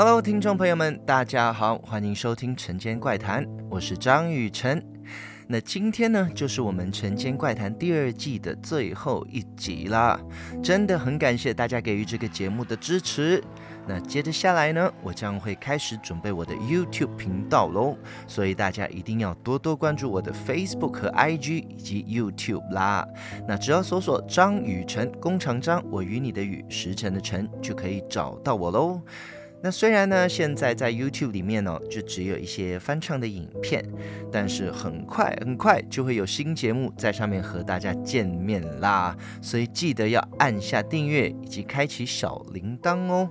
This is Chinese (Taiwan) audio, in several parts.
Hello，聽眾朋友們，大家好，歡迎收聽《晨間怪談》，我是張雨晨。那今天呢，就是我們《辰間怪談》第二季的最後一集啦，真的很感謝大家給予這個節目的支持。那接着下來呢，我將會開始準備我的 YouTube 頻道嘍，所以大家一定要多多關注我的 Facebook 和 IG 以及 YouTube 啦。那只要搜索“張雨晨”、“弓長張”、“我與你的雨”、“時辰的辰”，就可以找到我嘍。那雖然呢，現在在 YouTube 裡面呢、哦，就只有一些翻唱的影片，但是很快很快就會有新節目在上面和大家見面啦，所以記得要按下訂閱以及開啟小鈴鐺哦。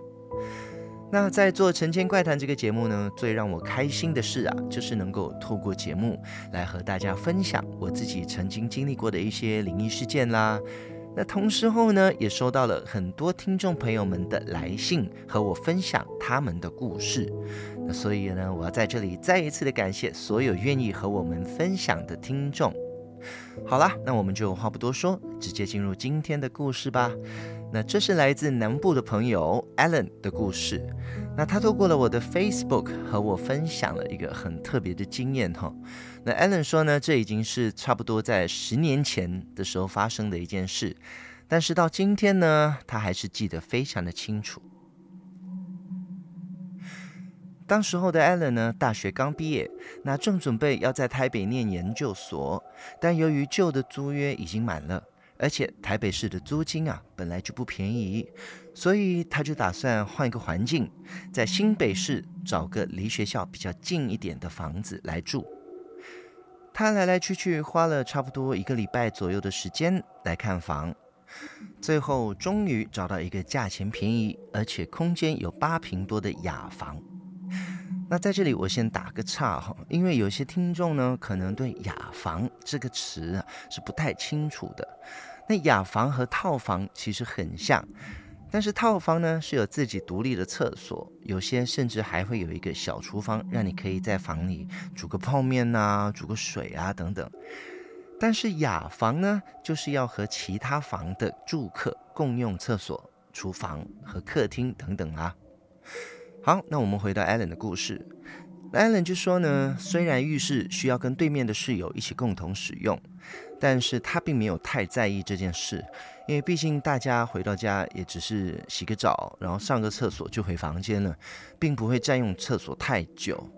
那在做《辰間怪談》這個節目呢，最讓我開心的事啊，就是能夠透過節目來和大家分享我自己曾經經歷過的一些靈異事件啦。那同時候呢，也收到了很多聽眾朋友們的來信，和我分享他們的故事。那所以呢，我要在這裡再一次的感謝所有願意和我們分享的聽眾。好啦，那我們就話不多說，直接進入今天的故事吧。那這是來自南部的朋友 Alan 的故事。那他透過了我的 Facebook 和我分享了一個很特別的經驗哈。那 Alan 說呢，這已經是差不多在十年前的時候發生的一件事，但是到今天呢，他還是記得非常的清楚。當時候的 Allen 呢，大學剛畢業，那正準備要在台北念研究所，但由於舊的租約已經滿了，而且台北市的租金啊本來就不便宜，所以他就打算換一個環境，在新北市找個離學校比較近一點的房子來住。他來來去去花了差不多一個禮拜左右的時間來看房，最後終於找到一個價錢便宜而且空間有八坪多的雅房。那在這裡我先打個岔哈，因為有些聽眾呢可能對“雅房”這個詞啊是不太清楚的。那雅房和套房其實很像，但是套房呢是有自己獨立的廁所，有些甚至還會有一個小廚房，讓你可以在房裡煮個泡麵吶、啊、煮個水啊等等。但是雅房呢，就是要和其他房的住客共用廁所、廚房和客廳等等啊。好，那我們回到 Alan 的故事。Alan 就說呢，雖然浴室需要跟對面的室友一起共同使用，但是他並沒有太在意這件事，因為畢竟大家回到家也只是洗個澡，然後上個廁所就回房間了，並不會占用廁所太久。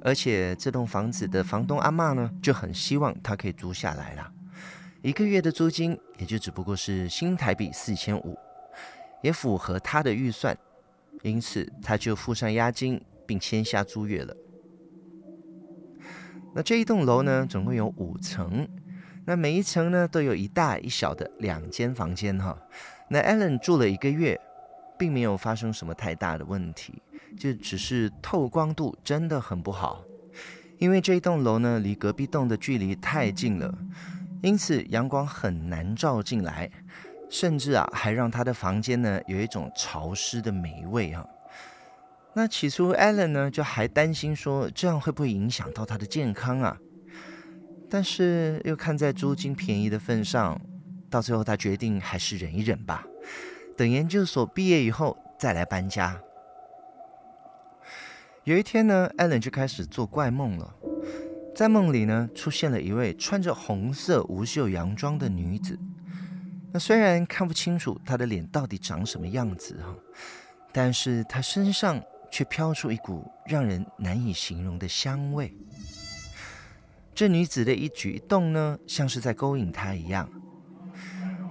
而且這棟房子的房東阿嬤呢，就很希望他可以租下來啦。一個月的租金也就只不過是新台幣四千五，也符合他的預算。因此，他就付上押金，並簽下租約了。那這一棟樓呢，總共有五層，那每一層呢，都有一大一小的兩間房間哈。那 Alan 住了一個月，並沒有發生什麼太大的問題，就只是透光度真的很不好，因為這一棟樓呢，離隔壁棟的距離太近了，因此陽光很難照進來。甚至啊，還讓他的房間呢，有一種潮濕的霉味哈、啊。那起初 Alan 呢就還擔心說，這樣會不會影響到他的健康啊？但是又看在租金便宜的份上，到最後他決定還是忍一忍吧，等研究所畢業以後再來搬家。有一天呢 Alan 就開始做怪夢了，在夢裡呢出現了一位穿着紅色無袖洋裝的女子。那雖然看不清楚她的臉到底長什麼樣子哈，但是她身上卻飄出一股讓人難以形容的香味。這女子的一舉一動呢，像是在勾引他一樣。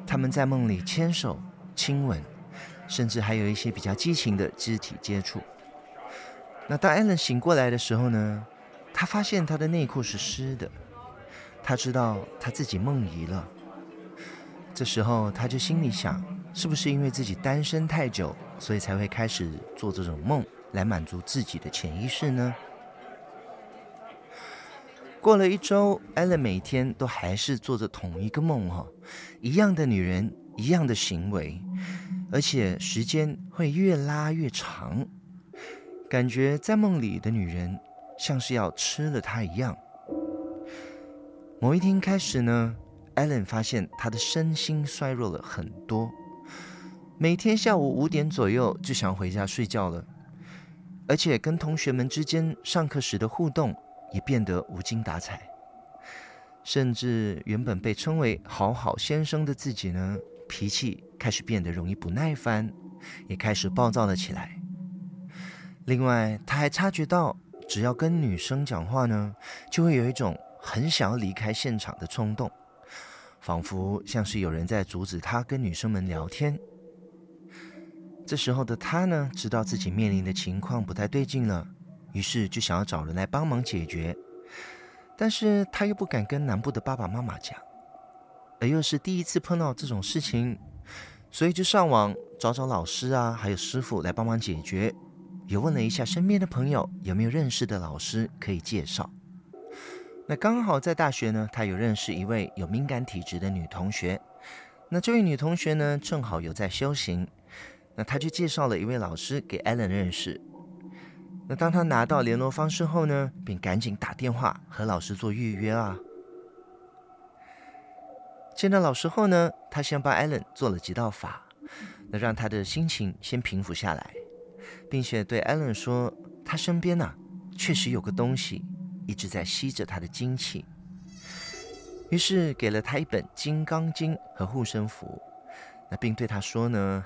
他們在夢裡牽手、親吻，甚至還有一些比較激情的肢體接觸。那當艾倫醒過來的時候呢，他發現他的內褲是濕的，他知道他自己夢遺了。這時候，他就心裡想：是不是因為自己單身太久，所以才會開始做這種夢來滿足自己的潛意識呢？過了一周，艾倫每天都還是做着同一個夢哈、哦，一樣的女人，一樣的行為，而且時間會越拉越長，感覺在夢裡的女人像是要吃了他一樣。某一天開始呢？Alan 發現他的身心衰弱了很多，每天下午五點左右就想回家睡覺了，而且跟同學們之間上課時的互動也變得無精打采，甚至原本被稱為“好好先生”的自己呢，脾氣開始變得容易不耐煩，也開始暴躁了起來。另外，他還察覺到，只要跟女生講話呢，就會有一種很想要離開現場的衝動。仿佛像是有人在阻止他跟女生們聊天。這時候的他呢，知道自己面臨的情況不太對勁了，於是就想要找人來幫忙解決，但是他又不敢跟南部的爸爸媽媽講，而又是第一次碰到這種事情，所以就上網找找老師啊，還有師傅來幫忙解決，也問了一下身邊的朋友有沒有認識的老師可以介紹。那剛好在大學呢，他有認識一位有敏感體質的女同學。那這位女同學呢，正好有在修行。那他就介紹了一位老師給艾倫認識。那當他拿到聯絡方式後呢，便趕緊打電話和老師做預約啊。見到老師後呢，他先幫艾倫做了幾道法，那讓他的心情先平復下來，並且對艾倫說，他身邊吶、啊，確實有個東西。一直在吸着他的精氣，於是給了他一本《金剛經》和護身符，那並對他說呢：“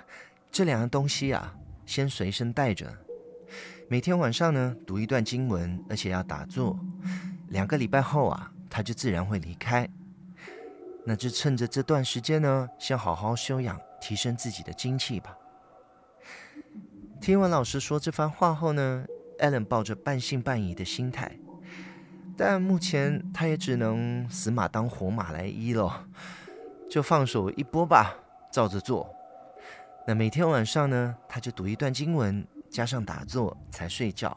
這兩樣東西啊，先隨身帶着，每天晚上呢讀一段經文，而且要打坐。兩個禮拜後啊，他就自然會離開。那就趁着這段時間呢，先好好休養，提升自己的精氣吧。” 聽完老師說這番話後呢，艾倫抱着半信半疑的心態。但目前他也只能死馬當活馬來醫咯，就放手一搏吧，照着做。那每天晚上呢，他就讀一段經文，加上打坐才睡覺。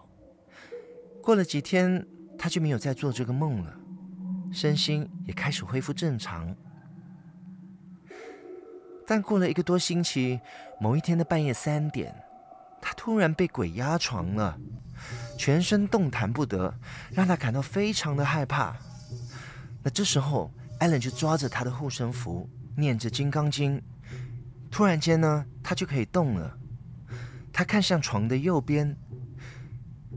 過了幾天，他就沒有再做這個夢了，身心也開始恢復正常。但過了一個多星期，某一天的半夜三點，他突然被鬼壓床了。全身動彈不得，讓他感到非常的害怕。那這時候，艾倫就抓着他的護身符，念着金剛經。突然間呢，他就可以動了。他看向床的右邊，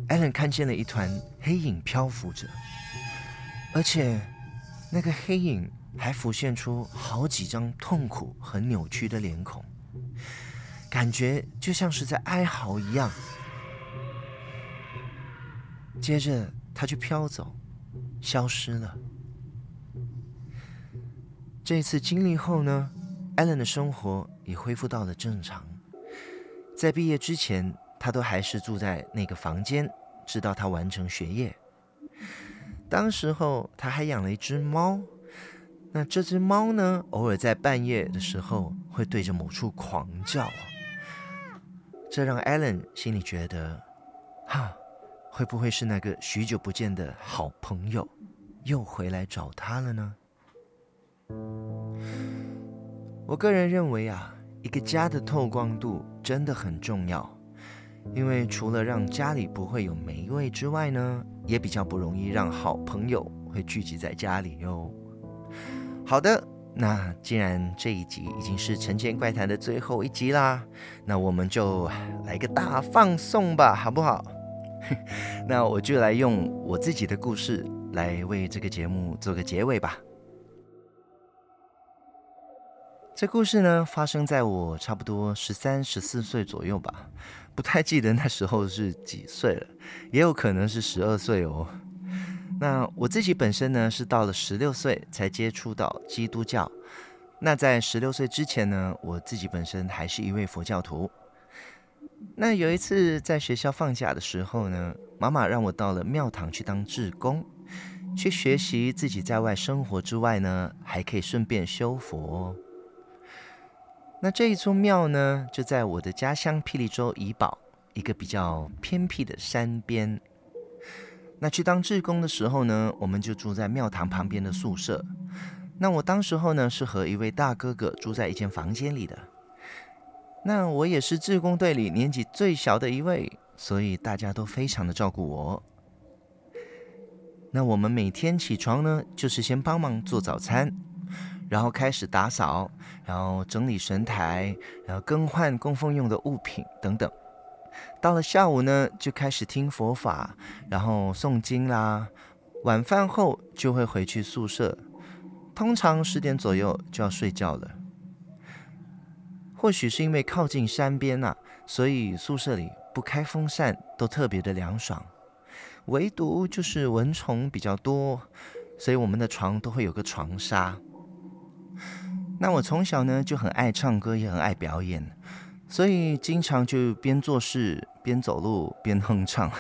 艾倫看見了一團黑影漂浮着，而且那個黑影還浮現出好幾張痛苦和扭曲的臉孔，感覺就像是在哀嚎一樣。接着，他就飄走，消失了。這次經歷後呢，Allen 的生活也恢復到了正常。在畢業之前，他都還是住在那個房間，直到他完成學業。當時候，他還養了一隻貓。那這隻貓呢，偶爾在半夜的時候會對着某處狂叫，這讓 Allen 心裡覺得，哈。會不會是那個許久不見的好朋友又回來找他了呢？我個人認為啊，一個家的透光度真的很重要，因為除了讓家裡不會有霉味之外呢，也比較不容易讓好朋友會聚集在家裡喲。好的，那既然這一集已經是《辰間怪談》的最後一集啦,那我們就來個大放送吧，好不好？那我就來用我自己的故事來為這個節目做個結尾吧。這故事呢，發生在我差不多十三、十四歲左右吧，不太記得那時候是幾歲了，也有可能是十二歲哦。那我自己本身呢，是到了十六歲才接觸到基督教。那在十六歲之前呢，我自己本身還是一位佛教徒。那有一次在學校放假的時候呢，媽媽讓我到了廟堂去當志工，去學習自己在外生活之外呢，還可以順便修佛哦。那這一座廟呢，就在我的家鄉霹靂州怡保一個比較偏僻的山邊。那去當志工的時候呢，我們就住在廟堂旁邊的宿舍。那我當時候呢，是和一位大哥哥住在一間房間裡的。那我也是志工隊裡年紀最小的一位，所以大家都非常的照顧我。那我們每天起床呢，就是先幫忙做早餐，然後開始打掃，然後整理神台，然後更換供奉用的物品等等。到了下午呢，就開始聽佛法，然後誦經啦，晚飯後就會回去宿舍，通常十點左右就要睡覺了。或許是因為靠近山邊吶，所以宿舍裡不開風扇都特別的涼爽，唯獨就是蚊蟲比較多，所以我們的床都會有個床紗。那我從小呢就很愛唱歌，也很愛表演，所以經常就邊做事邊走路邊哼唱，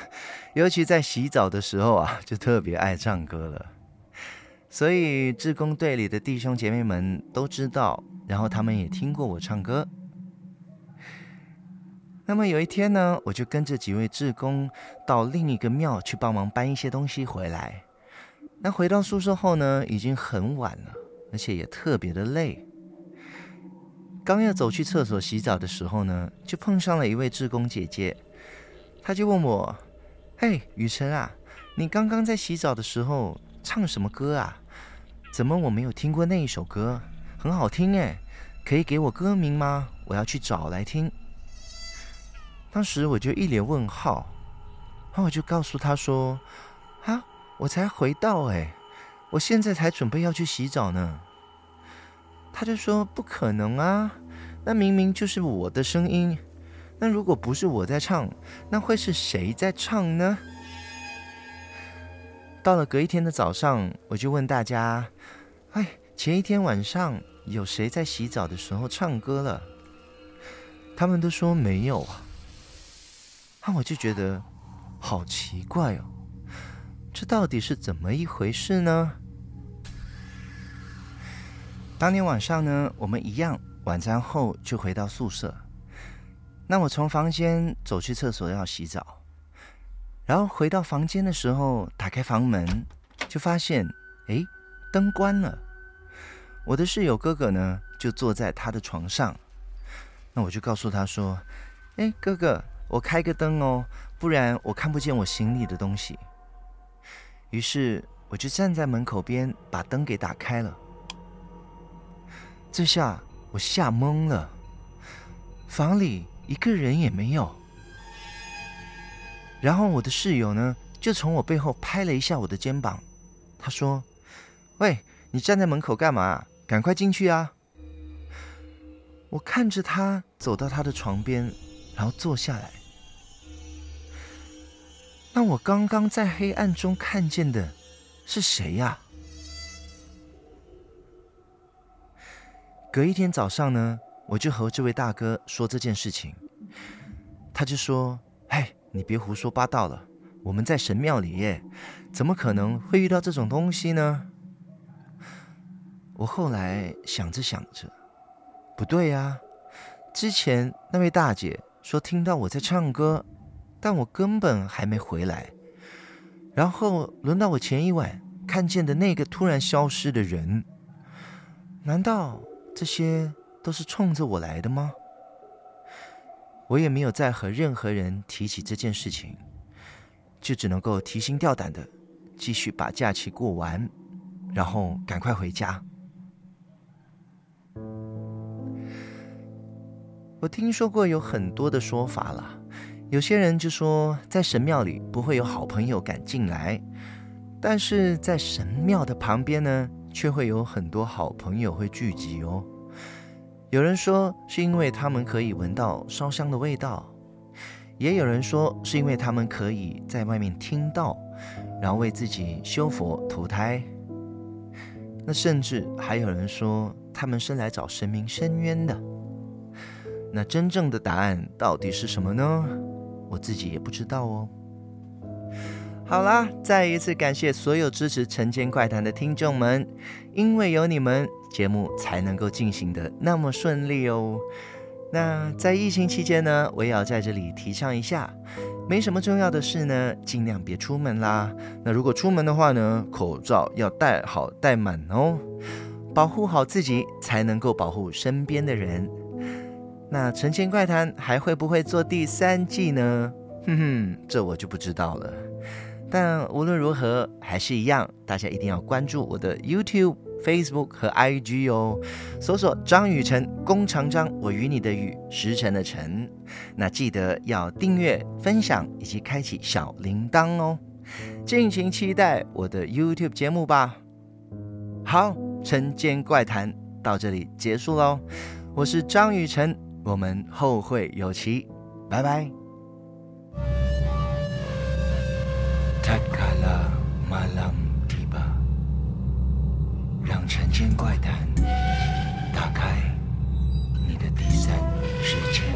尤其在洗澡的時候啊，就特別愛唱歌了。所以志工隊裡的弟兄姐妹們都知道。然後他們也聽過我唱歌。那麼有一天呢，我就跟着幾位志工到另一個廟去幫忙搬一些東西回來。那回到宿舍後呢，已經很晚了，而且也特別的累。剛要走去廁所洗澡的時候呢，就碰上了一位志工姐姐，她就問我：“嘿，雨辰啊，你剛剛在洗澡的時候唱什麼歌啊？怎麼我沒有聽過那一首歌？”很好聽哎，可以給我歌名嗎？我要去找來聽。當時我就一臉問號，然後我就告訴他說：“啊，我才回到誒，我現在才準備要去洗澡呢。”他就說：“不可能啊，那明明就是我的聲音，那如果不是我在唱，那會是誰在唱呢？”到了隔一天的早上，我就問大家：“哎……”前一天晚上有誰在洗澡的時候唱歌了？他們都說沒有啊。那、啊、我就覺得好奇怪哦，這到底是怎麼一回事呢？當天晚上呢，我們一樣晚餐後就回到宿舍。那我從房間走去廁所要洗澡，然後回到房間的時候，打開房門就發現，哎、欸，燈關了。我的室友哥哥呢，就坐在他的床上。那我就告訴他說：“哎，哥哥，我開個燈哦，不然我看不見我行李的東西。”於是我就站在門口邊，把燈給打開了。這下我嚇懵了，房裡一個人也沒有。然後我的室友呢，就從我背後拍了一下我的肩膀，他說：“喂，你站在門口幹嘛？”趕快進去啊！我看着他走到他的床邊，然後坐下來。那我剛剛在黑暗中看見的是誰呀、啊？隔一天早上呢，我就和這位大哥說這件事情，他就說：“哎，你別胡說八道了，我們在神廟裡耶，怎麼可能會遇到這種東西呢？”我後來想着想着，不對啊。之前那位大姐說聽到我在唱歌，但我根本還沒回來。然後輪到我前一晚看見的那個突然消失的人，難道這些都是衝着我來的嗎？我也沒有再和任何人提起這件事情，就只能夠提心吊膽的繼續把假期過完，然後趕快回家。我聽說過有很多的說法了，有些人就說在神廟裡不會有好朋友敢進來，但是在神廟的旁邊呢，卻會有很多好朋友會聚集哦。有人說是因為他們可以聞到燒香的味道，也有人說是因為他們可以在外面聽到，然後為自己修佛投胎。那甚至還有人說他們是來找神明申冤的。那真正的答案到底是什麼呢？我自己也不知道哦。好啦，再一次感謝所有支持《辰間怪談》的聽眾們，因為有你們，節目才能夠進行得那麼順利哦。那在疫情期間呢，我也要在這裡提倡一下，沒什麼重要的事呢，儘量別出門啦。那如果出門的話呢，口罩要戴好戴滿哦，保護好自己，才能夠保護身邊的人。那《辰間怪談》還會不會做第三季呢？哼哼，這我就不知道了。但無論如何，還是一樣，大家一定要關注我的 YouTube、Facebook 和 IG 哦，搜索“張雨辰”“弓長張”“我與你的雨”“時辰的辰”。那記得要訂閱、分享以及開啟小鈴鐺哦。敬請期待我的 YouTube 節目吧。好，《辰間怪談》到這裡結束嘍。我是張雨辰。我們後會有期，拜拜。讓《辰間怪談》打開你的第三世界。